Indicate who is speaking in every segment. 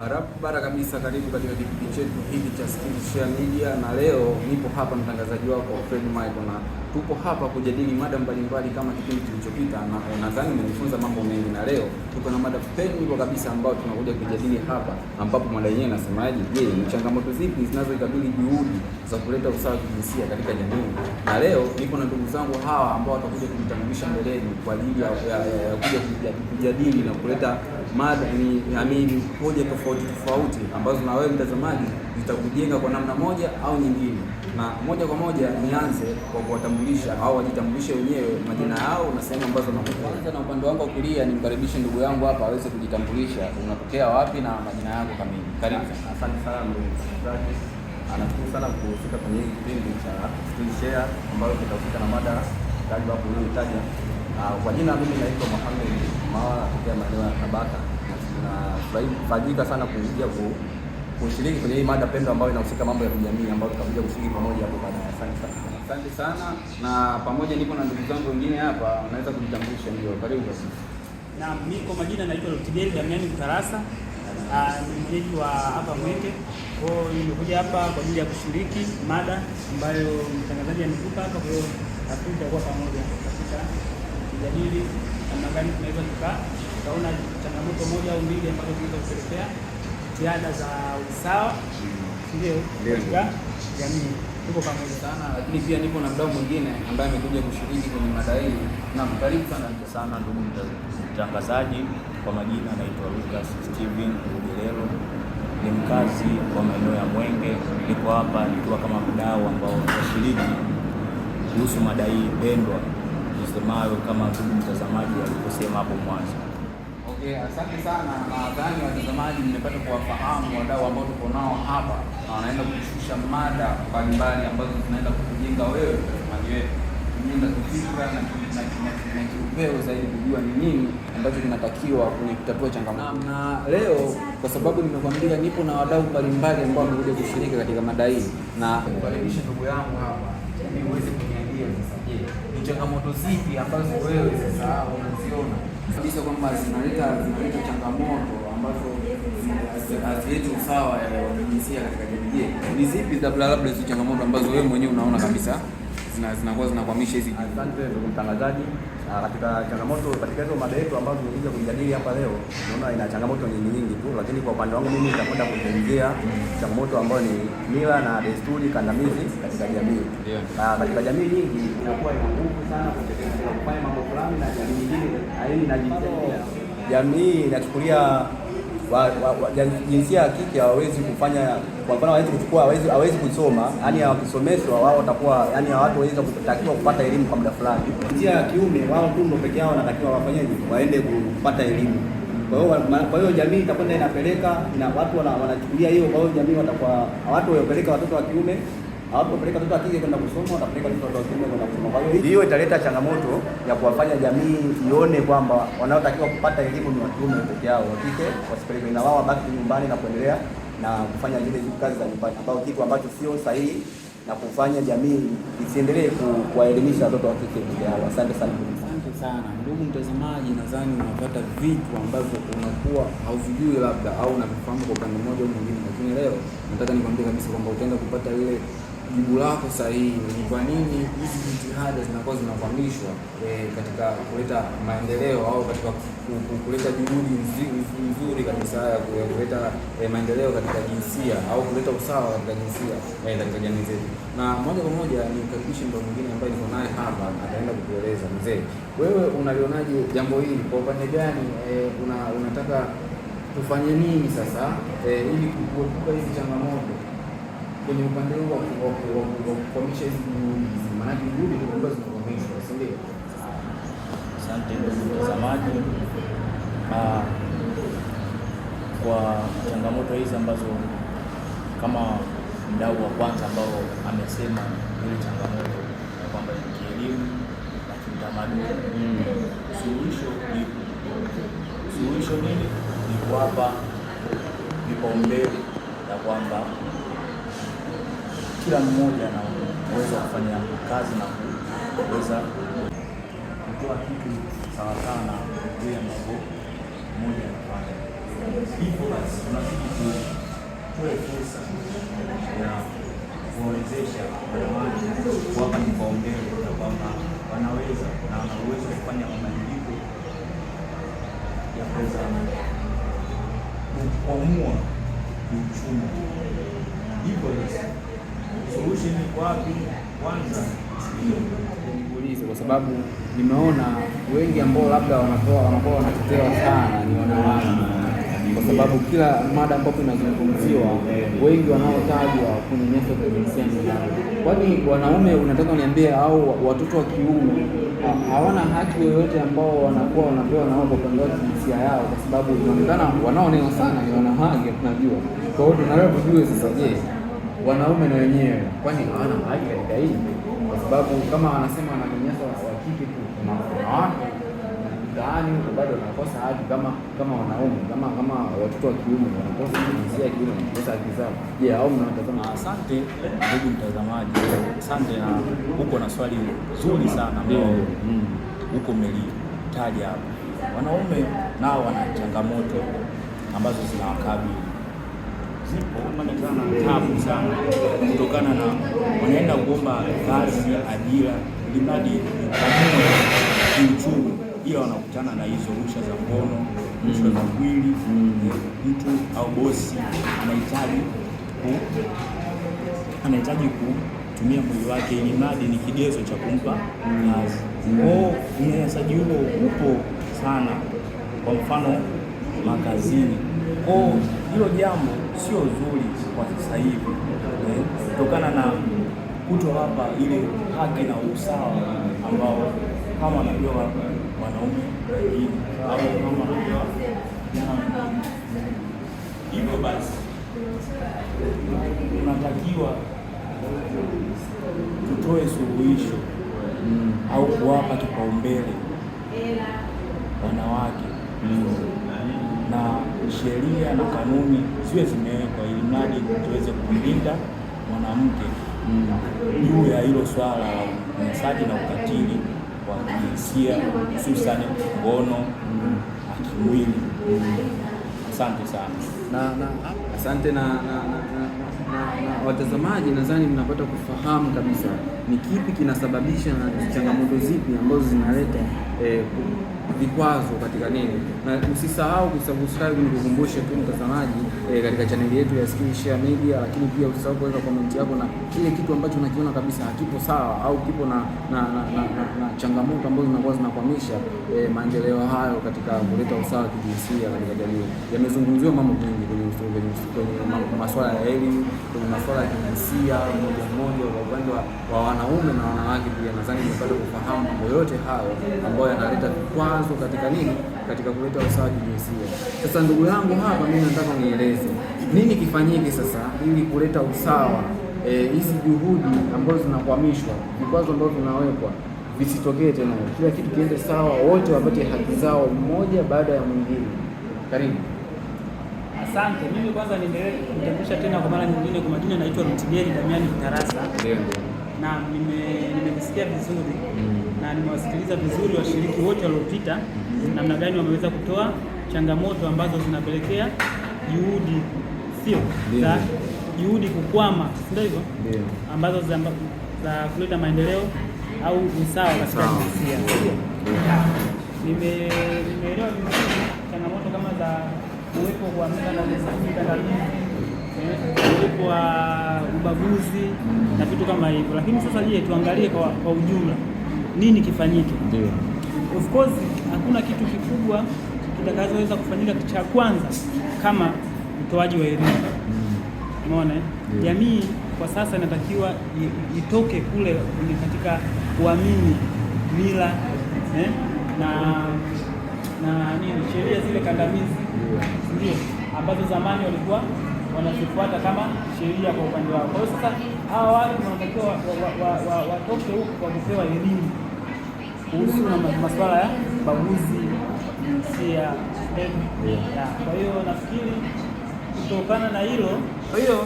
Speaker 1: Barabara kabisa, karibu katika kipindi chetu hiki cha Share Media, na leo nipo hapa mtangazaji wako Fred Michael na tupo hapa kujadili mada mbalimbali kama kipindi kilichopita, na nadhani umejifunza mambo mengi, na leo tuko na mada pendwa kabisa ambayo tunakuja kujadili hapa, ambapo mada yenyewe inasemaje? Je, ni changamoto zipi zinazoikabili juhudi za kuleta usawa wa kijinsia katika jamii? Na leo niko na ndugu zangu hawa ambao watakuja kujitambulisha mbeleni kwa ajili ya kuja kujadili na kuleta mada ni hoja tofauti tofauti ambazo na wewe mtazamaji tutakujenga kwa namna moja au nyingine. Na moja kwa moja nianze kwa kuwatambulisha au wajitambulishe wenyewe majina yao na sehemu ambazo wanakuanza.
Speaker 2: Na upande wangu wa kulia nimkaribishe ndugu yangu hapa aweze kujitambulisha, unatokea wapi na majina yako kamili. Karibu.
Speaker 3: Asante sana ndugu msikilizaji, anashukuru sana kufika kwenye hii kipindi cha Screen Share ambayo kitahusika na mada tajwa hapo unayoitaja. Kwa jina mimi naitwa Mohamed Mawa, natokea maeneo ya Tabata na tunafurahika sana kuja ku kushiriki kwenye hii mada pendwa ambayo inahusika mambo ya kijamii ambayo tutakuja kushiriki pamoja hapo baadaye. Asante sana.
Speaker 1: Asante sana na pamoja nipo na ndugu zangu wengine hapa, unaweza kujitambulisha Ndio, Karibu basi.
Speaker 4: Na mimi kwa majina naitwa Lutigeri Damiani Mtarasa, ah, ni mwenyeji wa hapa Mwenge. Kwa hiyo nimekuja hapa kwa ajili ya kushiriki mada ambayo mtangazaji amekupa hapa, kwa hiyo nafikiri tutakuwa pamoja katika kujadili namna gani tunaweza tukaona changamoto moja au mbili ambazo tunaweza kupelekea jitihada za usawa ndio katika jamii, tuko pamoja sana.
Speaker 1: Lakini pia niko na mdau mwingine ambaye amekuja kushiriki kwenye mada hii. Naam, karibu sana sana ndugu mtangazaji. Kwa majina anaitwa Lucas Steven Ugelelo, ni mkazi wa maeneo ya Mwenge. Niko hapa nikiwa kama mdau ambao nashiriki kuhusu mada hii pendwa isemayo, kama ndugu mtazamaji alivyosema hapo mwanzo Yeah, asante sana. Nadhani watazamaji mmepata kuwafahamu wadau ambao tuko nao hapa na wanaenda kushusha mada mbalimbali ambazo zinaenda kukujenga wewe mtazamaji wetu, kujenga kifikra na kiupeo zaidi, kujua ni nini ambacho kinatakiwa kwenye kutatua changamoto. Na leo kwa sababu nimekwambia, nipo na wadau mbalimbali ambao wamekuja kushiriki katika mada hii, na kukaribisha ndugu yangu hapa ili uweze kuniambia sasa, je, ni changamoto zipi ambazo wewe sasa unaziona kabisa kwamba zinaleta zinaleta changamoto ambazo hazileti usawa wa jinsia katika jamii. Ni zipi labda labda hizo changamoto ambazo wewe mwenyewe unaona kabisa zinakuwa zina, zinakwamisha hizi.
Speaker 3: Asante ndugu mtangazaji. Ah, katika changamoto katika hizo mada yetu ambazo tumekuja kujadili hapa leo, naona ina changamoto nyingi nyingi tu, lakini kwa upande wangu mimi nitakwenda kuzungumzia changamoto ambayo ni mila na desturi kandamizi katika jamii. Yeah. Katika jamii nyingi inakuwa ina nguvu sana kutekeleza kufanya mambo fulani na jamii nyingine haina,
Speaker 5: jamii inachukulia jinsia ya kike hawawezi kufanya, kwa mfano hawezi kuchukua, hawezi kusoma, yani hawakisomeshwa wao watakuwa, yani waweza kutakiwa kupata elimu kwa muda fulani. Jinsia ya kiume wao tu ndio pekee yao wanatakiwa wafanyeje, waende kupata elimu. Kwa hiyo kwa hiyo jamii itakwenda inapeleka na watu wanachukulia hiyo, kwa hiyo jamii watakuwa watu wapeleka watoto wa kiume hawatupeleka mtoto kwenda kusoma, watapeleka wa kiume kwenda kusoma. Kwa hiyo
Speaker 1: hiyo italeta changamoto ya kuwafanya jamii ione kwamba wanaotakiwa kupata elimu ni wa kiume peke yao, wa kike na wao wabaki nyumbani na kuendelea na kufanya zile kazi za nyumbani, ambao kitu ambacho sio sahihi na kufanya jamii isiendelee kuwaelimisha watoto wa kike peke yao. Asante sana. Asante sana ndugu mtazamaji, nadhani unapata vitu ambavyo unakuwa hauvijui labda au unavifahamu kwa upande mmoja au mwingine, lakini leo nataka nikwambie kabisa kwamba utaenda kupata ile jibu lako sahihi ni kwa nini hizi jitihada zinakuwa zinakwamishwa eh, katika kuleta maendeleo au katika kuleta juhudi nzuri kabisa ya kuleta eh, maendeleo katika jinsia au kuleta usawa katika jinsia eh, katika jamii zetu. Na moja kwa moja ni mkaribishi mtu mwingine ambaye niko naye hapa ataenda kutueleza. Mzee, wewe unalionaje jambo hili kwa upande gani? Unataka tufanye nini sasa ili kuepuka hizi changamoto? kwenye upande huo wa kukwamisha hizi juhudi hizi, maanake juhudi zinakuwa zinakomeshwa, si ndio?
Speaker 6: Asante ndugu mtazamaji, ah, kwa changamoto hizi ambazo kama mdau wa kwanza ambao amesema ile changamoto ya kwamba ni kielimu na kiutamaduni, mm. suluhisho ni Suluhisho nini? Ni kuwapa vipaumbele na kwamba kila mmoja anaweza kufanya kazi na kuweza kutoa kitu sawasawa na vile ambavyo mmoja anafanya. Hivyo basi tunazidi kutoa fursa ya kuwawezesha wanawake, kuwapa kipaumbele ya kwamba wanaweza na wanaweza kufanya mabadiliko ya kuweza kukwamua kiuchumi. Hivyo basi suluhisho liko wapi? Kwanza
Speaker 1: kwa sababu nimeona wengi ambao labda wanatoa wanakuwa wanatetewa sana ni wanawake kwa sababu kila mada ambapo inazungumziwa wengi wanaotajwa kunyanyaswa kijinsia ni wanawake. Kwani wanaume unataka niambie, au watoto wa kiume hawana haki yoyote ambao wanakuwa wanapewa nao kwa upande wa kijinsia yao? Kwa sababu inaonekana wanaonewa sana ni wanawake, tunajua. Kwa hiyo tunataka tujue sasa, je wanaume na wenyewe kwani hawana haki katika hii, kwa sababu kama wanasema wananyanyasa wa kike tu, na wanawake mtaani huko bado wanakosa haki kama kama wanaume, kama kama watoto wa kiume wanakosa jinsia ya kiume, wanakosa haki zao. Je, au mnawatazama?
Speaker 6: Asante ndugu mtazamaji, asante na huko na swali zuri sana ambao huko mm. mmelitaja hapa. Wanaume nao wana changamoto ambazo zinawakabili zipo manakutana na tabu sana, kutokana na wanaenda kuomba kazi, ajira, limradi kiuchumi, ila wanakutana na hizo rusha za ngono, rusha za mm. mwili. Mm. Eh, mtu au bosi anahitaji anahitaji kutumia mwili wake, ili mradi ni kigezo cha kumpa mm. kazi. Kwao unyanyasaji huo upo sana, kwa mfano makazini kwa hilo jambo sio zuri kwa sasa hivi eh, kutokana na kutowapa ile haki na usawa ambao kama wanapewa wanaume wengine au kama hivyo basi unatakiwa tutoe suluhisho mm. au kuwapa kipaumbele wanawake mm na sheria na kanuni ziwe zimewekwa ili mradi tuweze kumlinda mwanamke mm, juu ya hilo swala la unyanyasaji na ukatili wa kijinsia hususani ngono mm, akimwili Asante sana
Speaker 1: na, na, asante na, na, na, na, na watazamaji, nadhani mnapata kufahamu kabisa ni kipi kinasababisha na changamoto zipi ambazo zinaleta eh, vikwazo katika nini, na usisahau kusubscribe, nikukumbushe tu mtazamaji e, katika chaneli yetu ya Skill Share Media, lakini pia usisahau kuweka comment yako na kile kitu ambacho unakiona kabisa hakipo sawa au kipo na na, na, na, na, na changamoto ambazo zinakuwa zinakwamisha e, maendeleo hayo katika kuleta usawa kijinsia katika jamii. Yamezungumziwa mambo mengi kwenye masuala ya elimu, kwenye masuala ya kijinsia moja moja, kwa upande wa wanaume na wanawake pia, nadhani nimepata kufahamu mambo yote hayo ambayo yanaleta vikwazo chanzo katika nini, katika kuleta usawa kijinsia. Sasa ndugu yangu hapa, mimi nataka nieleze nini kifanyike sasa ili kuleta usawa eh, hizi e, juhudi ambazo zinakwamishwa, vikwazo ambavyo vinawekwa visitokee tena, kila kitu kiende sawa, wote wapate haki zao mmoja baada ya mwingine. Karibu.
Speaker 4: Asante. Mimi kwanza niendelee kutambulisha tena kwa mara nyingine, kwa majina naitwa Mtigeri Damiani Mtarasa. ndio na nimejisikia nime vizuri mm. na nimewasikiliza vizuri washiriki wote waliopita, namna gani wameweza kutoa changamoto ambazo zinapelekea juhudi sio za juhudi kukwama, ndio hivyo ambazo za, za kuleta maendeleo au usawa katika jinsia. Nimeelewa vizuri changamoto kama za uwepo kwa mtandaoni uwepo wa ubaguzi na vitu kama hivyo. Lakini sasa, je, tuangalie kwa, kwa ujumla nini kifanyike? Ndio. Of course hakuna kitu kikubwa kitakazoweza kufanyika. Cha kwanza kama utoaji wa elimu, mm. umeona eh? jamii kwa sasa inatakiwa itoke kule kwenye katika kuamini mila eh, na na nini sheria zile kandamizi, ndio ambazo zamani walikuwa wanazifuata kama sheria kwa upande wao. Kwa hiyo sasa hawa watu wanatakiwa watoke huko kwa kupewa elimu kuhusu na masuala ya baguzi jinsia. Kwa hiyo nafikiri kutokana na hilo, kwa hiyo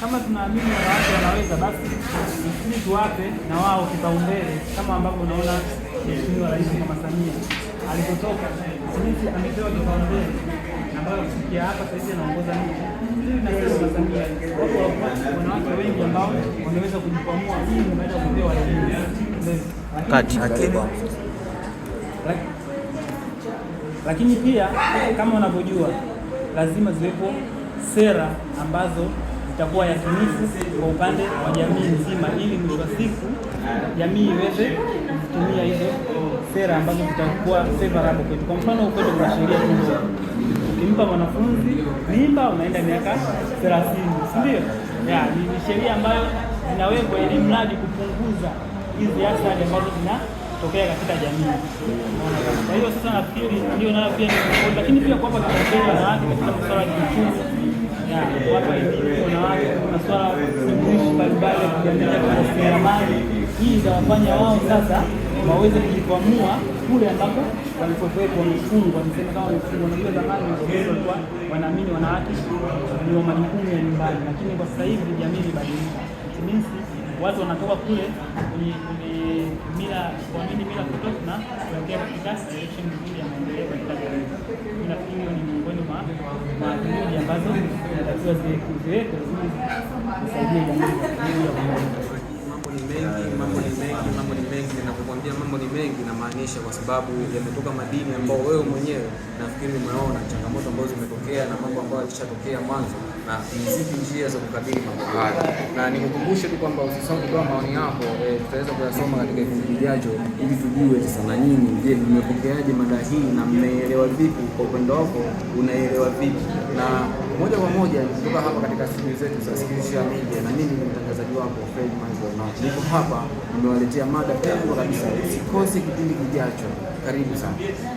Speaker 4: kama tunaamini wanawake wanaweza, basi nafikiri tuwape na wao kipaumbele, kama ambavyo unaona Mheshimiwa Rais Mama Samia alipotoka, sisi amepewa kipaumbele ambayo kufikia hapa sasa hivi anaongoza nchi. Lakini pia kama unavyojua, lazima ziwepo sera ambazo zitakuwa yakinifu kwa upande wa jamii nzima, ili mwisho wa siku jamii iweze kutumia hizo sera ambazo zitakuwa favorable kwetu. Kwa mfano, ukwetu kuna sheria ukimpa mwanafunzi mimba unaenda miaka thelathini, si ndio? Yeah, ni, ni sheria ambayo zinawekwa ili mradi kupunguza hizi athari ambazo zinatokea katika jamii. Kwa hiyo sasa nafikiri ndio nayo pia ni lakini pia kuwapa na wanawake katika masuala ya kiuchumi, kuwapa elimu wanawake masuala shughulishi mbalimbali ya kijamii, ujasiriamali. Hii itawafanya wao sasa waweze kujikwamua kule ambapo walipokuwepo wamefungwa, niseme kama wamefungwa. Najua zamani walikuwa wanaamini wanawake ni wa majukumu ya nyumbani, lakini kwa sasa hivi jamii imebadilika, jinsi watu wanatoka kule kwenye mila kuamini mila potofu na kuelekea katika direction nzuri ya maendeleo katika jamii. Nafikiri hiyo ni miongoni mwa juhudi ambazo inatakiwa ziwekwe ili kusaidia jamii.
Speaker 1: Mambo ni mengi, mambo ni mambo ni mengi, ninapokuambia mambo ni mengi namaanisha, kwa sababu yametoka madini ambao wewe mwenyewe nafikiri umeona changamoto ambazo zimetokea na mambo ambayo yalishatokea mwanzo, na zipi njia za kukabili mambo haya. Na nikukumbushe tu kwamba usisahau kutoa maoni yako, eh, tutaweza kuyasoma katika vipindi vijavyo, ili tujue sasa na nyinyi, je, mmepokeaje mada hii na mmeelewa vipi? Kwa upande wako unaelewa vipi na moja kwa moja kutoka hapa katika studio zetu za Skillshare Media, na mimi ni mtangazaji wako Fred Michael niko hapa nimewaletea mada pendwa kabisa. sikose kipindi kijacho, karibu sana.